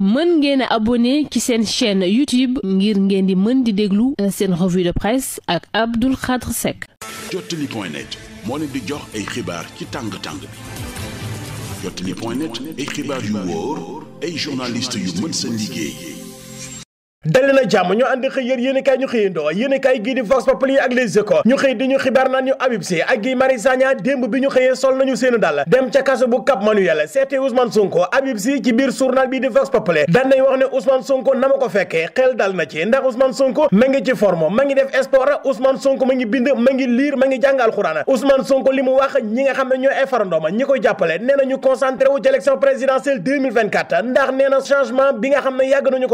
mën ngeen a ci seen chaîne YouTube ngir ngeen di mën di déglu euh, seen revue de presse ak Abdou Khadre Seck. Jotali point net moo leen di jox ay xibaar ci tàng tàng bi Jotali point dali na jàmm ñoo àndi xëy yér yéenekaay ñu xëyandoo yéenekaay gii di Vox Populi ak Les Échos ñu xëy di ñu xibaar naan ñu Habib ak Guy Marius Sagna démb bi ñu xëyee sol nañu seenu dal dem ca kaso bu Cap Manuel seete Ousmane Sonko Habib Sy ci biir journal bii di Vox Populi daan nay wax ne Ousmane Sonko na ma ko fekkee xel dal na ci ndax Ousmane Sonko ma ngi ci forme ma ngi def sport Ousmane Sonko ma ngi bind ma ngi liir ma ngi jàng alxuraan Ousmane Sonko li ne ñooy ay farandoom ñi koy jàppale nee na ñu concentré wu ci élection présidentielle 2024 ndax nee na changement bi nga xam ne yàgg nañu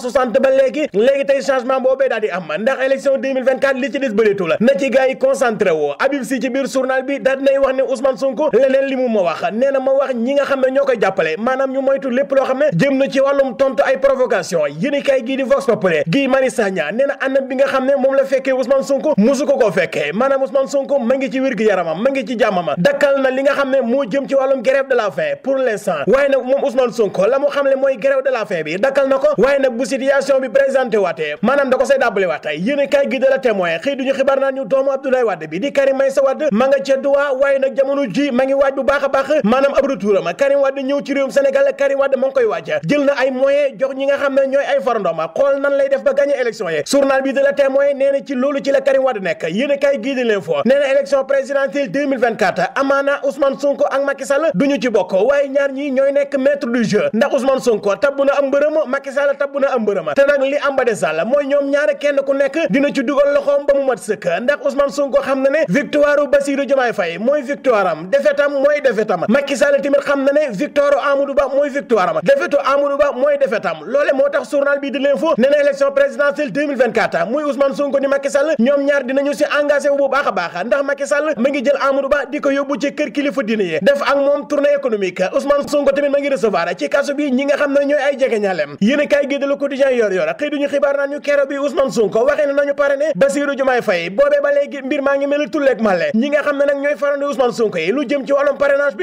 60 ba léegi léegi tey changement boobee daal di am ndax élection 2024 li ci des bëreetu na ci gars yi concentré woo Habib Sy ci biir journal bi daal dinay wax ne Ousmane Sonko leneen li mu ma wax nee na ma wax ñi nga xam ne ñoo koy jàppale maanaam ñu moytu lépp loo xam ne jëm na ci wàllum tontu ay provocation yéen kay gii di Vox Populi gii Mari Sagna nee na anam bi nga xam ne moom la fekkee Ousmane Sonko musu ko ko fekkee maanaam Ousmane Sonko ma ngi ci wér-gu-yaramam ma ngi ci jàmmama dakkal na li nga xam ne moo jëm ci wàllum grève de la faim pour l'instant waaye nag moom Ousmane la mu xam ne mooy grève de la faim ko situation bi présenté waatee maanaam da ko say dàbbale waatay yéen kaay gi da la témoin xëy duñu xibaar naan ñu doomu Abdoulaye Wade bi di Karim Meïssa Wade ma nga ca duwaa waaye nag jamono ji ma waaj bu baax a baax maanaam ab retouram Karim Wade ñëw ci réewum Sénégal Karim Wade ma ngi koy waaj jël na ay moyens jox ñi nga xam ne ñooy ay farandooma xool nan lay def ba gagné élection yi journal bi da la témoin nee na ci loolu ci la Karim mbërëma te nag li amba des mooy ñoom ñaare kenn ku nekk dina ci dugal loxoom ba mu mat sëkk ndax Ousmane Sonko xam ne ne victoire u Ba mooy victoire am defetu Amadou loole moo tax journal bi di l'info nee na élection présidentielle 2024 muy Ousmane Sonko ni Macky Sall ñoom ñaar dinañu si engagé bu baax a baax ndax Macky Sall ma ngi jël Amadou Ba di ko yóbbu ci kër kilifa diine yi def ak moom tournée économique Ousmane Sonko tamit ma ngi recevoir ci kaso quotidien yor yor xëy duñu xibaar naan ñu kero bi Ousmane Sonko waxee nañu pare ne Bassirou Diomaye Faye boobee ba léegi mbir maa ngi mel tulleeg màlle ñi nga xam ne nag ñooy farandi lu jëm ci wàllum parrainage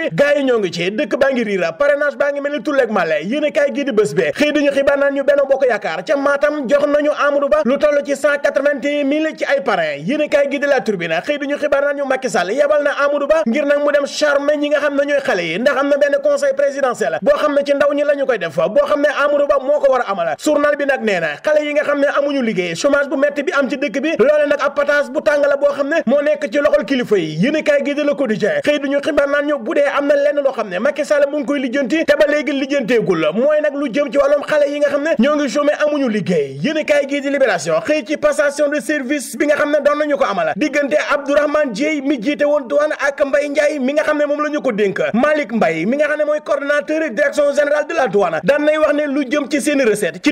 bi mille ci ay parrain yéen a kaay gii di la xibaar naan ñu Macky Sall yebal na Amadou Ba ngir nag mu dem charme ñi nga xam ne ñooy xale yi ndax am na benn conseil présidentiel boo xam ne ci ndaw ñi la koy def boo xam ne Amadou Ba moo journal bi nag nee na xale yi nga xam ne amuñu liggéey chômage bu metti bi am ci dëkk bi loole nag ab pataas bu tàng la boo xam ne moo nekk ci loxol kilifa yi yéen kaay am na lenn loo xam ne Macky Sall mu ngi koy lijjanti te ba léegi lijjanteegul mooy nag lu jëm ci wàllum di Libération xëy ci passation de service bi nga xam ne doon nañu ko amala diggante Abdourahmane Dieye mi jiite woon douane ak Mbaye Ndiaye mi nga xam ne moom la ko dénk Malick Mbaye mi nga xam ne mooy coordonnateur direction générale de la douane daan nay wax ne lu jëm ci seen recette ci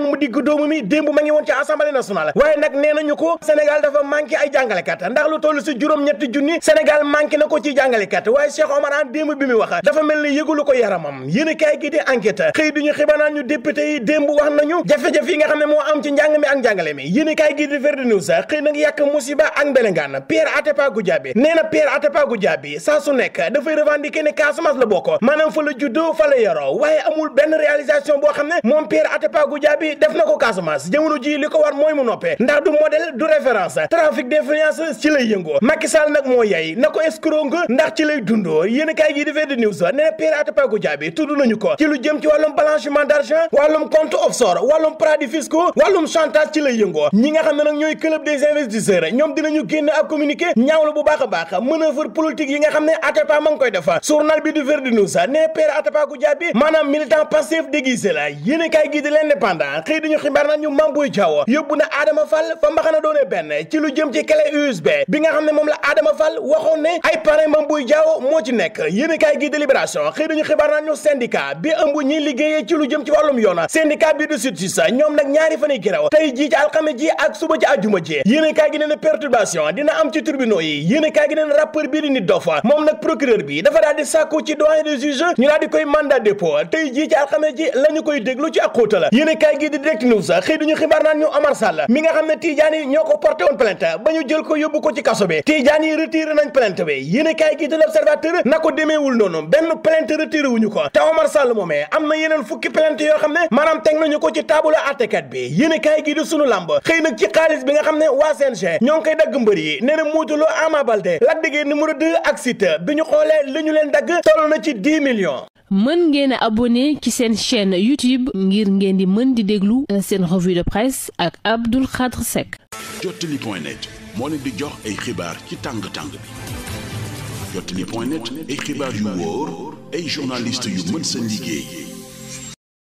njàng mu digg doomu mi démb ma ngi woon ci assemblée nationale waaye nag nee nañu ko Sénégal dafa manqué ay jàngalekat ndax lu toll si juróom-ñetti junni Sénégal manqué na ko ci jàngalekat waaye Cheikh Omar Anne démb bi mu wax dafa mel ni yëgulu ko yaramam yéen a kaay gi xëy duñu xibaar naan ñu député yi démb wax nañu jafe-jafe yi nga xam ne moo am ci njàng mi ak njàngale mi yéen a kaay gi di Verde News xëy nag yàq musiba ak mbelengaan Pierre Atepa Goudiaby nee na Pierre Atepa bi def na ko Casamance jamono ji li ko war mooy mu noppee ndax du modèle du référence trafic d'influence ci lay yëngoo Macky Sall nag moo yay na ko escroc nga ndax ci lay dundoo yéen kaay gi defee di news ne na Pierre Atepa Goudiaby tudd nañu ko ci lu jëm ci wàllum blanchiment d'argent wàllum compte offshore wàllum paradis fiscaux wàllum chantage ci lay yëngoo ñi nga xam ne nag ñooy club des investisseurs ñoom dinañu génn ak communiqué ñaawlu bu baax a yi nga xam ne Atepa ma ngi koy xëy dañu xibaar naan ñu Mame Boye Diao yóbbu na Adama Fall fa mbaxana doone benn ci lu jëm ci clé USB bi nga xam ne moom la Adama Fall waxoon ne ay parrain Mame Boye moo ci nekk yéen i kaay gi délibération xëy dañu xibaar naan ñu syndicat bi ëmb ñi liggéeyee ci lu jëm ci wàllum yoona syndicat bi de justice ñoom nag ñaari fan yi jii ci alxames ji ak suba ci àjjuma ji yéen i gi ne perturbation dina am ci tribunaux yi yéen i kaay gi ne rappeur bii di nit dofa di direct news xëy duñu xibaar naan ñu Omar Sall mi nga xam ne Tidiane yi ñoo ko porté woon plainte ba ñu jël ko yóbbu ko ci kaso bi Tidiane yi retiré nañ plainte bi yéene kaay gi de l'Observateur na ko demeewul noonu benn plainte retiré ko te Omar Sall moomee am na yeneen fukki plainte yoo xam ne maanaam teg nañu ko ci taabalu àttekat bi yéene kaay gi di sunu làmb xëy nag ci xaalis bi nga xam ne waa CNG ñoo ngi koy dagg mbër yi nee na muutuloo Ama Baldé Lac de ñu xoolee li ñu leen dagg toll na ci 10 mën ngeen a ci seen chaîne YouTube ngir ngeen di mën di déglu euh, seen revue de presse ak Abdou Khadre Seck. Jotali point moo leen di jox ay xibaar ci tàng tàng bi Jotali